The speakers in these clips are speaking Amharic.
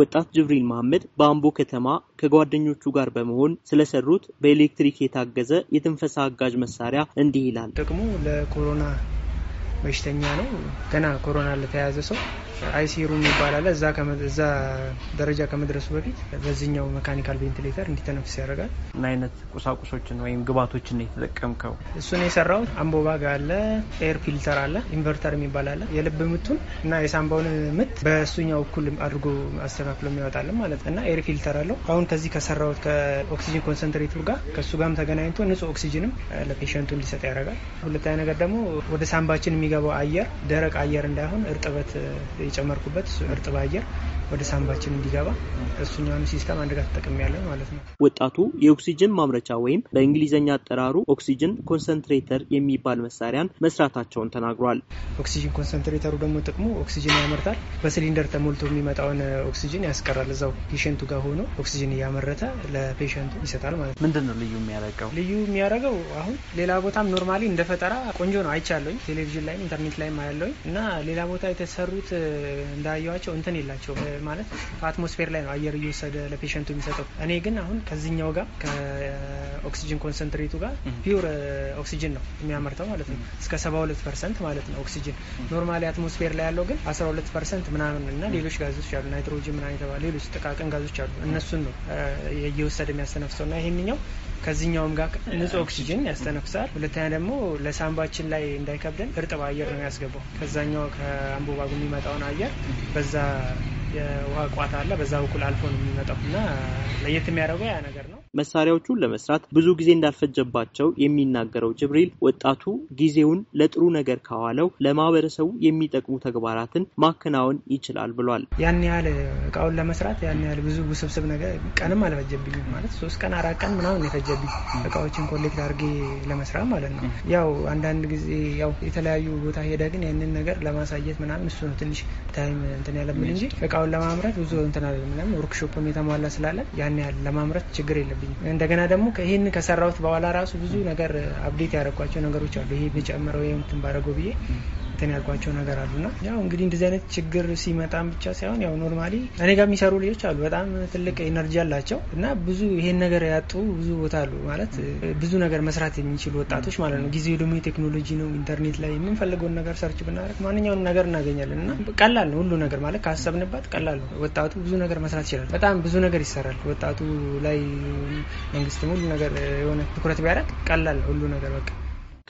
ወጣት ጅብሪል መሐመድ በአምቦ ከተማ ከጓደኞቹ ጋር በመሆን ስለሰሩት በኤሌክትሪክ የታገዘ የትንፈሳ አጋዥ መሳሪያ እንዲህ ይላል። ጥቅሙ ለኮሮና በሽተኛ ነው። ገና ኮሮና ለተያዘ ሰው አይሲሩ ይባላል። እዛ እዛ ደረጃ ከመድረሱ በፊት በዚህኛው መካኒካል ቬንቲሌተር እንዲተነፍስ ያደርጋል። ምን አይነት ቁሳቁሶችን ወይም ግባቶችን ነው የተጠቀምከው? እሱን የሰራው አምቦባግ አለ፣ ኤር ፊልተር አለ፣ ኢንቨርተር የሚባል አለ። የልብ ምቱን እና የሳምባውን ምት በእሱኛው እኩል አድርጎ አስተካክሎ የሚያወጣልን ማለት እና ኤር ፊልተር አለው። አሁን ከዚህ ከሰራውት ከኦክሲጅን ኮንሰንትሬተር ጋር ከእሱ ጋርም ተገናኝቶ ንጹህ ኦክሲጅንም ለፔሽንቱ እንዲሰጥ ያደርጋል። ሁለተኛ ነገር ደግሞ ወደ ሳምባችን የሚገባው አየር ደረቅ አየር እንዳይሆን እርጥበት የጨመርኩበት እርጥብ አየር ወደ ሳንባችን እንዲገባ እሱኛውን ሲስተም አንድ ጋር ተጠቅሚያለን ማለት ነው። ወጣቱ የኦክሲጅን ማምረቻ ወይም በእንግሊዝኛ አጠራሩ ኦክሲጅን ኮንሰንትሬተር የሚባል መሳሪያን መስራታቸውን ተናግሯል። ኦክሲጅን ኮንሰንትሬተሩ ደግሞ ጥቅሙ ኦክሲጅን ያመርታል። በሲሊንደር ተሞልቶ የሚመጣውን ኦክሲጅን ያስቀራል። እዛው ፔሸንቱ ጋር ሆኖ ኦክሲጅን እያመረተ ለፔሸንቱ ይሰጣል ማለት ነው። ምንድን ነው ልዩ የሚያደርገው? ልዩ የሚያደርገው አሁን ሌላ ቦታም ኖርማሊ እንደ ፈጠራ ቆንጆ ነው አይቻለኝ። ቴሌቪዥን ላይም ኢንተርኔት ላይም አያለውኝ እና ሌላ ቦታ የተሰሩት እንዳየዋቸው እንትን የላቸው ማለት ከአትሞስፌር ላይ ነው አየር እየወሰደ ለፔሸንቱ የሚሰጠው። እኔ ግን አሁን ከዚህኛው ጋር ከኦክሲጅን ኮንሰንትሬቱ ጋር ፒውር ኦክሲጅን ነው የሚያመርተው ማለት ነው እስከ 72 ፐርሰንት ማለት ነው ኦክሲጅን። ኖርማሊ አትሞስፌር ላይ ያለው ግን 12 ፐርሰንት ምናምን እና ሌሎች ጋዞች አሉ ናይትሮጂን ምናምን የተባሉ ሌሎች ጥቃቅን ጋዞች አሉ። እነሱን ነው እየወሰደ የሚያስተነፍሰው እና ይሄንኛው ከዚኛውም ጋር ንጹህ ኦክሲጅን ያስተነፍሳል። ሁለተኛ ደግሞ ለሳንባችን ላይ እንዳይከብደን እርጥብ አየር ነው የሚያስገባው ከዛኛው ከአንቦባጉ የሚመጣውን አየር በዛ የውሃ ቋት አለ። በዛ በኩል አልፎ ነው የሚመጣው እና ለየት የሚያደርገው ያ ነገር ነው። መሳሪያዎቹን ለመስራት ብዙ ጊዜ እንዳልፈጀባቸው የሚናገረው ጅብሪል ወጣቱ ጊዜውን ለጥሩ ነገር ካዋለው ለማህበረሰቡ የሚጠቅሙ ተግባራትን ማከናወን ይችላል ብሏል። ያን ያህል እቃውን ለመስራት ያን ያህል ብዙ ውስብስብ ነገር ቀንም አልፈጀብኝም ማለት ሶስት ቀን አራት ቀን ምናምን የፈጀብኝ እቃዎችን ኮሌክት አድርጌ ለመስራት ማለት ነው። ያው አንዳንድ ጊዜ ያው የተለያዩ ቦታ ሄደ ግን ያንን ነገር ለማሳየት ምናምን እሱ ነው ትንሽ ታይም እንትን ያለብን እንጂ አሁን ለማምረት ብዙ እንትን አይደለም ወርክሾፕም የተሟላ ስላለ ያን ያህል ለማምረት ችግር የለብኝም። እንደገና ደግሞ ይህን ከሰራሁት በኋላ ራሱ ብዙ ነገር አብዴት ያደረኳቸው ነገሮች አሉ። ይሄ ብጨምረው ይሄ እንትን ባደረገው ብዬ እንትን ያልኳቸው ነገር አሉና ያው እንግዲህ እንደዚህ አይነት ችግር ሲመጣም ብቻ ሳይሆን ያው ኖርማሊ እኔ ጋር የሚሰሩ ልጆች አሉ። በጣም ትልቅ ኤነርጂ አላቸው እና ብዙ ይሄን ነገር ያጡ ብዙ ቦታ አሉ ማለት ብዙ ነገር መስራት የሚችሉ ወጣቶች ማለት ነው። ጊዜው ደግሞ የቴክኖሎጂ ነው። ኢንተርኔት ላይ የምንፈልገውን ነገር ሰርች ብናደርግ ማንኛውንም ነገር እናገኛለን እና ቀላል ነው ሁሉ ነገር ማለት ካሰብንበት ቀላል ነው። ወጣቱ ብዙ ነገር መስራት ይችላል። በጣም ብዙ ነገር ይሰራል። ወጣቱ ላይ መንግስትም ሁሉ ነገር የሆነ ትኩረት ቢያደርግ ቀላል ሁሉ ነገር በቃ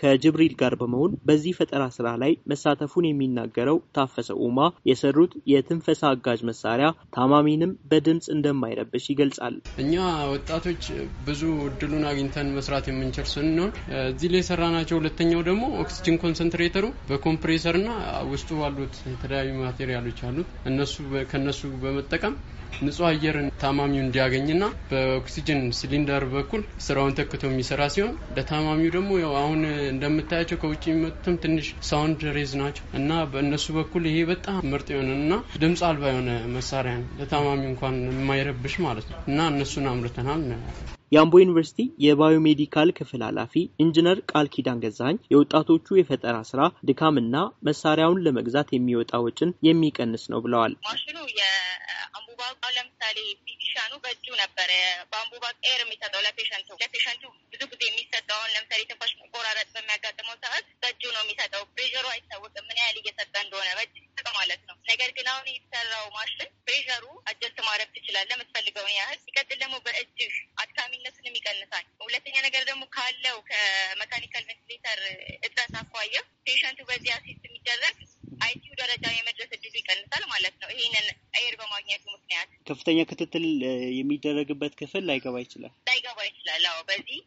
ከጅብሪል ጋር በመሆን በዚህ ፈጠራ ስራ ላይ መሳተፉን የሚናገረው ታፈሰ ኡማ የሰሩት የትንፈሳ አጋዥ መሳሪያ ታማሚንም በድምፅ እንደማይረብሽ ይገልጻል። እኛ ወጣቶች ብዙ እድሉን አግኝተን መስራት የምንችል ስንሆን እዚህ ላይ ናቸው። ሁለተኛው ደግሞ ኦክስጅን ኮንሰንትሬተሩ በኮምፕሬሰርና ውስጡ ባሉት የተለያዩ ማቴሪያሎች አሉት እነሱ ከነሱ በመጠቀም ንጹህ አየርን ታማሚው እንዲያገኝና በኦክሲጅን ሲሊንደር በኩል ስራውን ተክቶ የሚሰራ ሲሆን ለታማሚው ደግሞ ያው አሁን እንደምታያቸው ከውጭ የሚመጡትም ትንሽ ሳውንድ ሬዝ ናቸው እና በእነሱ በኩል ይሄ በጣም ምርጥ እና ድምፅ አልባ የሆነ መሳሪያ ነው። ለታማሚ እንኳን የማይረብሽ ማለት ነው እና እነሱን አምርተናል። የአምቦ ዩኒቨርሲቲ የባዮሜዲካል ክፍል ኃላፊ ኢንጂነር ቃል ኪዳን ገዛኝ የወጣቶቹ የፈጠራ ስራ ድካምና መሳሪያውን ለመግዛት የሚወጣ ወጭን የሚቀንስ ነው ብለዋል። ማሽኑ የአምቡባ ለምሳሌ ፊዚሻኑ በእጁ ነበረ በአምቡባ ኤር የሚሰጠው ለፔሸንቱ ለፔሸንቱ ብዙ ጊዜ የሚሰጠውን ለምሳሌ ትንፋሽ በሚጠቀመው ሰዓት በእጁ ነው የሚሰጠው። ፕሬሩ አይታወቅም ምን ያህል እየሰጠ እንደሆነ በእጅ ሰጠ ማለት ነው። ነገር ግን አሁን የተሰራው ማሽን ፕሬሩ አጀስት ማድረግ ትችላለህ የምትፈልገውን ያህል። ሲቀጥል ደግሞ በእጅ አድካሚነቱንም ይቀንሳል። ሁለተኛ ነገር ደግሞ ካለው ከመካኒካል ቬንቲሌተር እጥረት አኳያ ፔሸንቱ በዚህ አሲስት የሚደረግ አይሲዩ ደረጃ የመድረስ እድሉ ይቀንሳል ማለት ነው። ይህንን አየር በማግኘቱ ምክንያት ከፍተኛ ክትትል የሚደረግበት ክፍል ላይገባ ይችላል ላይገባ ይችላል። አዎ በዚህ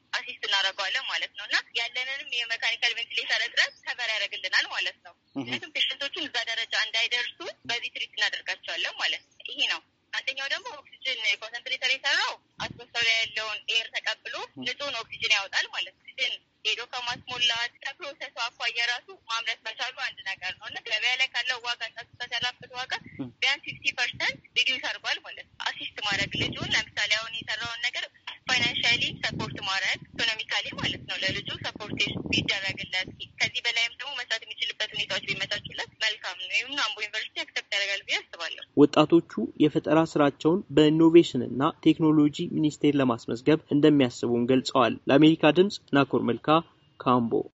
ከቻለ ማለት ነው እና ያለንንም የመካኒካል ቬንትሌተር እጥረት ከበር ያደርግልናል ማለት ነው። ምክንያቱም ፔሽንቶቹን እዛ ደረጃ እንዳይደርሱ በዚህ ትሪት እናደርጋቸዋለን ማለት ነው። ይሄ ነው። አንደኛው ደግሞ ኦክሲጅን ኮንሰንትሬተር የሰራው አትሞስፌር ያለውን ኤር ተቀብሎ ንጹህን ኦክሲጅን ያወጣል ማለት ነው። ኦክሲጅን ሄዶ ከማስሞላት ከፕሮሰሱ አኳያ የራሱ ማምረት መቻሉ አንድ ነገር ነው እና ገበያ ላይ ካለው ዋጋ ጣሱበት ያላበት ዋጋ ቢያንስ ፊፍቲ ፐርሰንት ሪዲዩስ አድርጓል ማለት ነው። አሲስት ማድረግ ልጁን ለምሳሌ አሁን የሰራውን ነገር ፋይናንሻሊ ሰፖርት ማድረግ ኢኮኖሚ ለምሳሌ ማለት ነው ለልጁ ሰፖርት ቢደረግለት ከዚህ በላይም ደግሞ መስራት የሚችልበት ሁኔታዎች ቢመቻቹለት መልካም ነው። ይህም አምቦ ዩኒቨርሲቲ አክሰፕት ያደርጋል ብዬ አስባለሁ። ወጣቶቹ የፈጠራ ስራቸውን በኢኖቬሽንና ቴክኖሎጂ ሚኒስቴር ለማስመዝገብ እንደሚያስቡም ገልጸዋል። ለአሜሪካ ድምጽ ናኮር መልካ ካምቦ